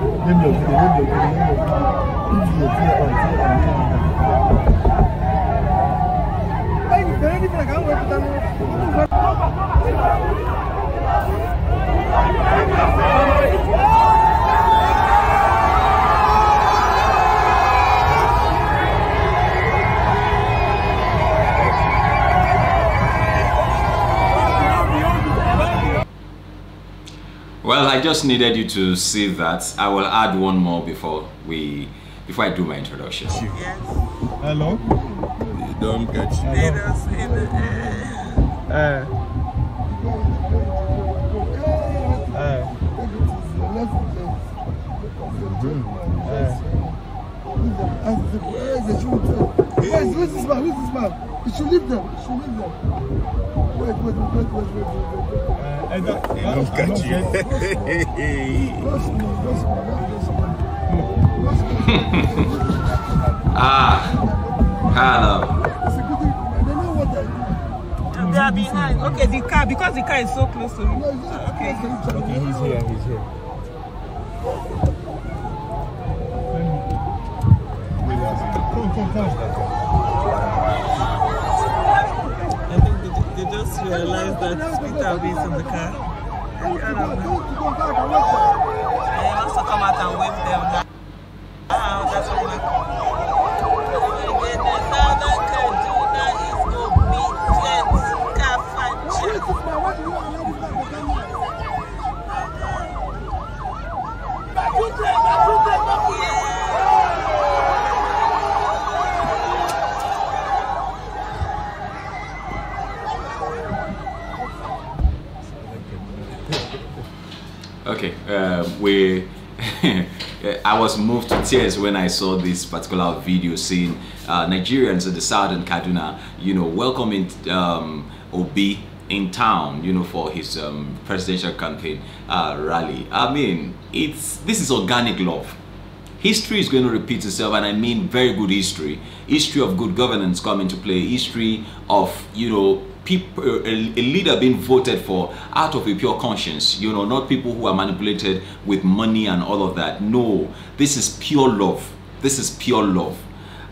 你们别别别别别！你别别啊！哎，你别你别干我！干你！Well, I just needed you to see that. I will add one more before we, before I do my introduction. Yes. Hello? You don't catch me. this man? this man? You should leave them. You should leave them. Wait, wait, wait, wait, wait, wait, wait. Uh, and that, yeah, Look at you. ah, hello. They are behind. Okay, the car because the car is so close to me. Okay, okay, he's here. He's here. Come, come, come you just realized that Peter is in the car? And you also come out and wait. okay. Uh, we. I was moved to tears when I saw this particular video seeing uh, Nigerians in the southern Kaduna, you know, welcoming um, Obi in town, you know, for his um, presidential campaign uh, rally. I mean, it's this is organic love. History is going to repeat itself, and I mean very good history. History of good governance come into play. History of you know people, a, a leader being voted for out of a pure conscience, you know, not people who are manipulated with money and all of that. No, this is pure love. This is pure love.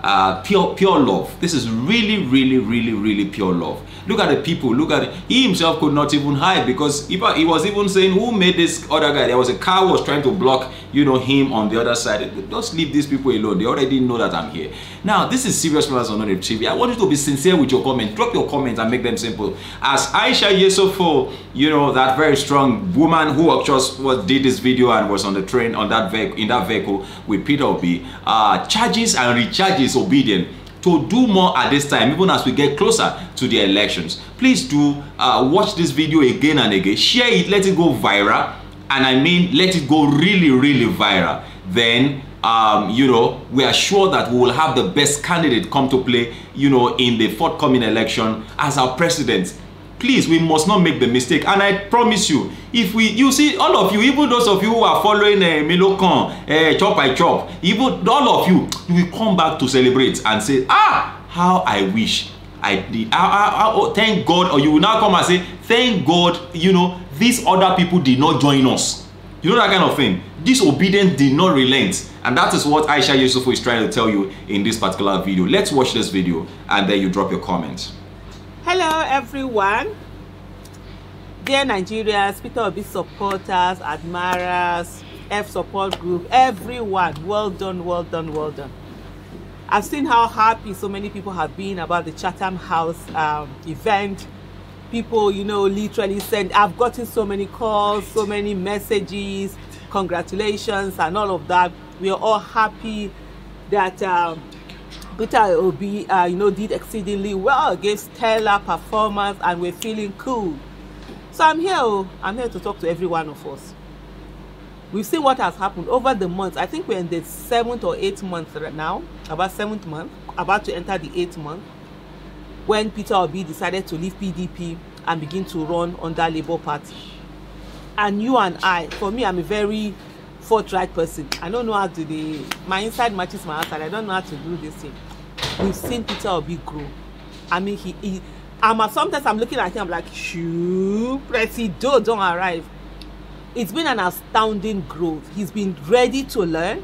Uh, pure, pure love. This is really, really, really, really pure love. Look at the people. Look at it. He himself could not even hide because he was even saying, who made this other guy? There was a car was trying to block, you know, him on the other side. Just leave these people alone. They already know that I'm here. Now, this is serious matters on the TV. I want you to be sincere with your comments. Drop your comments and make them simple. As Aisha Yesofo, you know, that very strong woman who just was, did this video and was on the train on that vehicle in that vehicle with Peter B, uh, charges and recharges is obedient to do more at this time even as we get closer to the elections please do uh, watch this video again and again share it let it go viral and i mean let it go really really viral then um, you know we are sure that we will have the best candidate come to play you know in the forthcoming election as our president please we must not make the mistake and i promise you if we you see all of you even those of you who are following uh, eh, milokan uh, eh, chop by chop even all of you you will come back to celebrate and say ah how i wish i did ah ah ah oh thank god or you will now come and say thank god you know these other people did not join us you know that kind of thing disobedience did not relent and that is what aisha yusufu is trying to tell you in this particular video let's watch this video and then you drop your comment Hello everyone. Dear Nigerians, Peter Obi supporters, admirers, F support group, everyone, well done, well done, well done. I've seen how happy so many people have been about the Chatham House um, event. People, you know, literally send, I've gotten so many calls, so many messages, congratulations and all of that. We are all happy that um, Peter Obi, uh, you know, did exceedingly well, against stellar performance, and we're feeling cool. So I'm here, oh, I'm here to talk to every one of us. We've seen what has happened over the months. I think we're in the seventh or eighth month right now, about seventh month, about to enter the eighth month, when Peter Obi decided to leave PDP and begin to run under Labour Party. And you and I, for me, I'm a very forthright person i don't know how to do. my inside matches my outside i don't know how to do this thing we have seen peter obi grow i mean he he i'm sometimes i'm looking at him i'm like shoo don't arrive it's been an astounding growth he's been ready to learn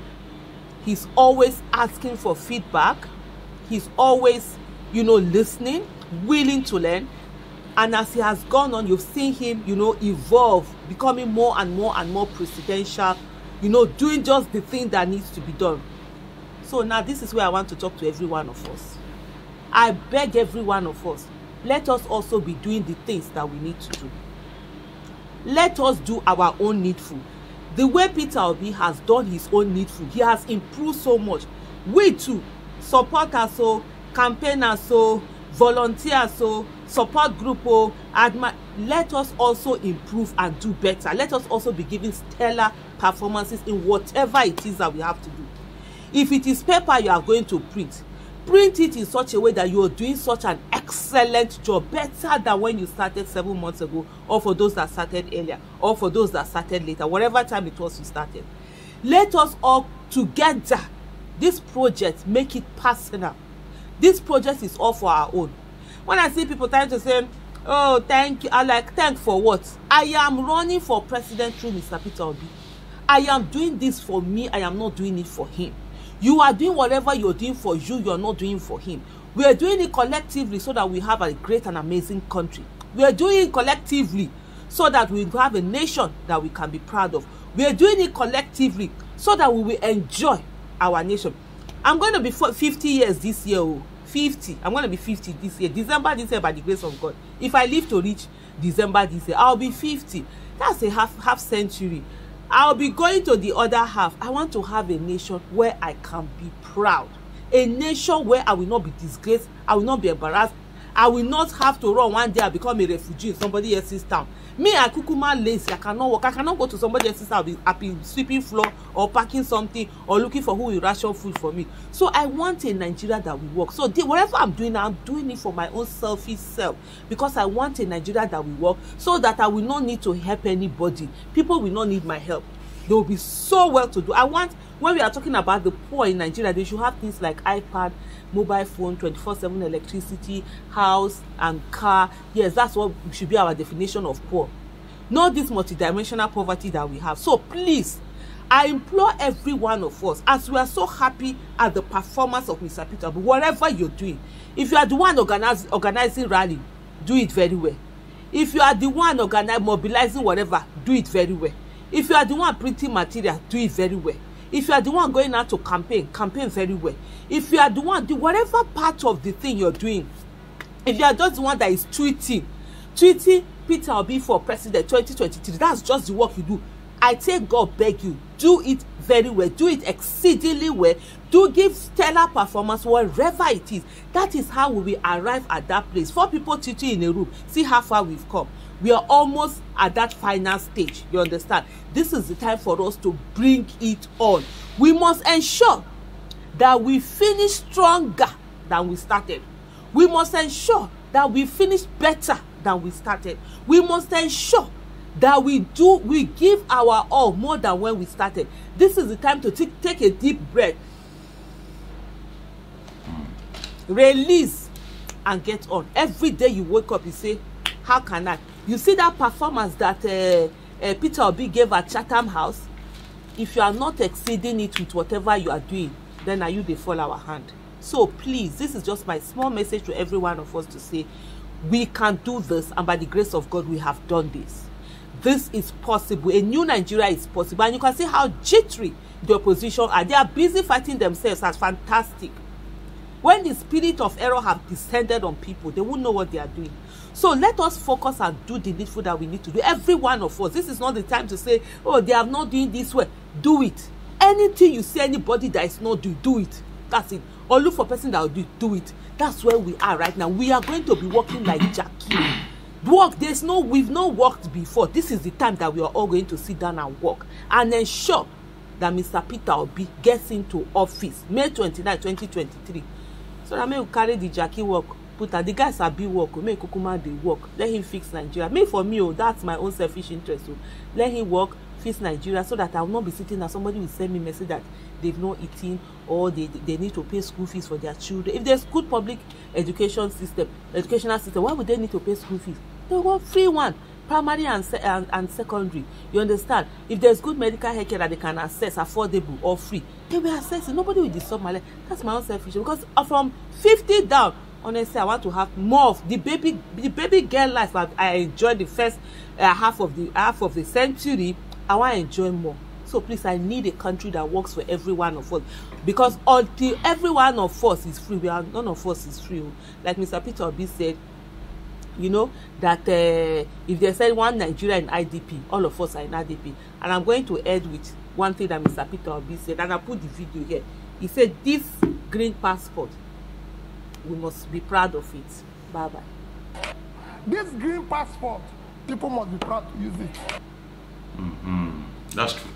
he's always asking for feedback he's always you know listening willing to learn and as he has gone on you've seen him you know evolve becoming more and more and more presidential you know doing just the thing that needs to be done so now this is where i want to talk to every one of us i beg every one of us let us also be doing the things that we need to do let us do our own needful the way peter obi has done his own needful he has improved so much we too support supporters o us o volunteers o support group o oh, admi let us also improve and do better let us also be giving stellar performances in whatever it is that we have to do if it is paper you are going to print print it in such a way that you are doing such an excellent job better than when you started seven months ago or for those that started earlier or for those that started later whatever time it was you started let us all together this project make it personal this project is all for our own when i see people trying to say oh thank you i like thank for what i am running for president through mr peter obi i am doing this for me i am not doing it for him you are doing whatever you are doing for you you are not doing for him we are doing it collectively so that we have a great and amazing country we are doing it collectively so that we have a nation that we can be proud of we are doing it collectively so that we will enjoy our nation i'm going to be 50 years this year o oh. 50 i'm going to be 50 this year december this year by the grace of god if i live to reach december this year i'll be 50 that's a half half century i'll be going to the other half i want to have a nation where i can be proud a nation where i will not be disgraced i will not be embarrassed i will not have to run one day i become a refugee in somebody else's town me i kukuma lazy i cannot work i cannot go to somebody else's house i be sweeping floor or packing something or looking for who will ration food for me so i want a nigeria that will work so they, whatever i'm doing i'm doing it for my own selfish self because i want a nigeria that will work so that i will not need to help anybody people will not need my help they will be so well to do i want when we are talking about the poor in nigeria they should have things like ipad mobile phone 24 7 electricity house and car yes that's what should be our definition of poor not this multidimensional poverty that we have so please i implore every one of us as we are so happy at the performance of mr peter but whatever you're doing if you are the one organize, organizing rally do it very well if you are the one organizing mobilizing whatever do it very well if you are the one printing material do it very well if you are the one going out to campaign campaign very well if you are the one do whatever part of the thing you're doing if you are just the one that is tweeting tweeting Peter Obi for president 2023 that's just the work you do I take God beg you do it very well do it exceedingly well do give stellar performance wherever it is that is how we will arrive at that place four people teaching in a room see how far we've come we are almost at that final stage you understand this is the time for us to bring it on we must ensure that we finish stronger than we started we must ensure that we finish better than we started we must ensure that we do we give our all more than when we started this is the time to take a deep breath release and get on every day you wake up you say how can i you see that performance that uh, uh, peter obi gave at chatham house if you are not exceeding it with whatever you are doing then are you the fall our hand so please this is just my small message to every one of us to say we can do this and by the grace of god we have done this this is possible a new nigeria is possible and you can see how jittery the opposition are they are busy fighting themselves as fantastic when the spirit of error have descended on people they won't know what they are doing so let us focus and do the needful that we need to do every one of us this is not the time to say oh they are not doing this well do it anything you see anybody that is not doing do it that's it or look for person that will do, do it that's where we are right now we are going to be working like jackie work there's no we've not worked before this is the time that we are all going to sit down and work and ensure that mr peter obi gets into office may twenty-nine twenty twenty-three so that make we carry the jackie work put am the guy sabi work make kukuma dey work let him fix nigeria me for me oh, that's my own selfish interest o oh. let him work fix nigeria so that i will not be sitting there somebody will send me message that they've not eating or they they need to pay school fees for their children if there's good public education system educational system why would they need to pay school fees they want free one primary and, se and, and secondary you understand if there's good medical health care that they can access affordable or free they will access it nobody will disturb my life that's my own selfish because uh, from fifty down honestly i want to have more of the baby the baby girl life that i, enjoy the first uh, half of the half of the century i wan enjoy more so please i need a country that works for every one of us because until every one of us is free we are none of us is free o oh. like mr peter obi said you know that uh, if they said one nigeria in idp all of us are in idp and i'm going to end with one thing that mr peter obi said and i put the video here he said this green passport we must be proud of it bye bye. this green passport people must be proud to use it. Mm -hmm. that's true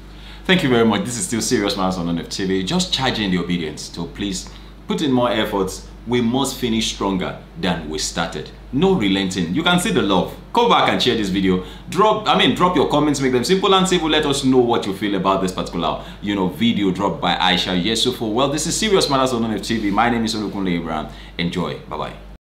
thank you very much this is still serious matters on nftv just charging the obedience so please put in more efforts we must finish stronger than we started. No relenting. You can see the love. Go back and share this video. Drop, I mean, drop your comments, make them simple and simple. Let us know what you feel about this particular, you know, video dropped by Aisha yesufo Well, this is Serious Matters on NFTV. My name is Olukunle Ibrahim. Enjoy. Bye-bye.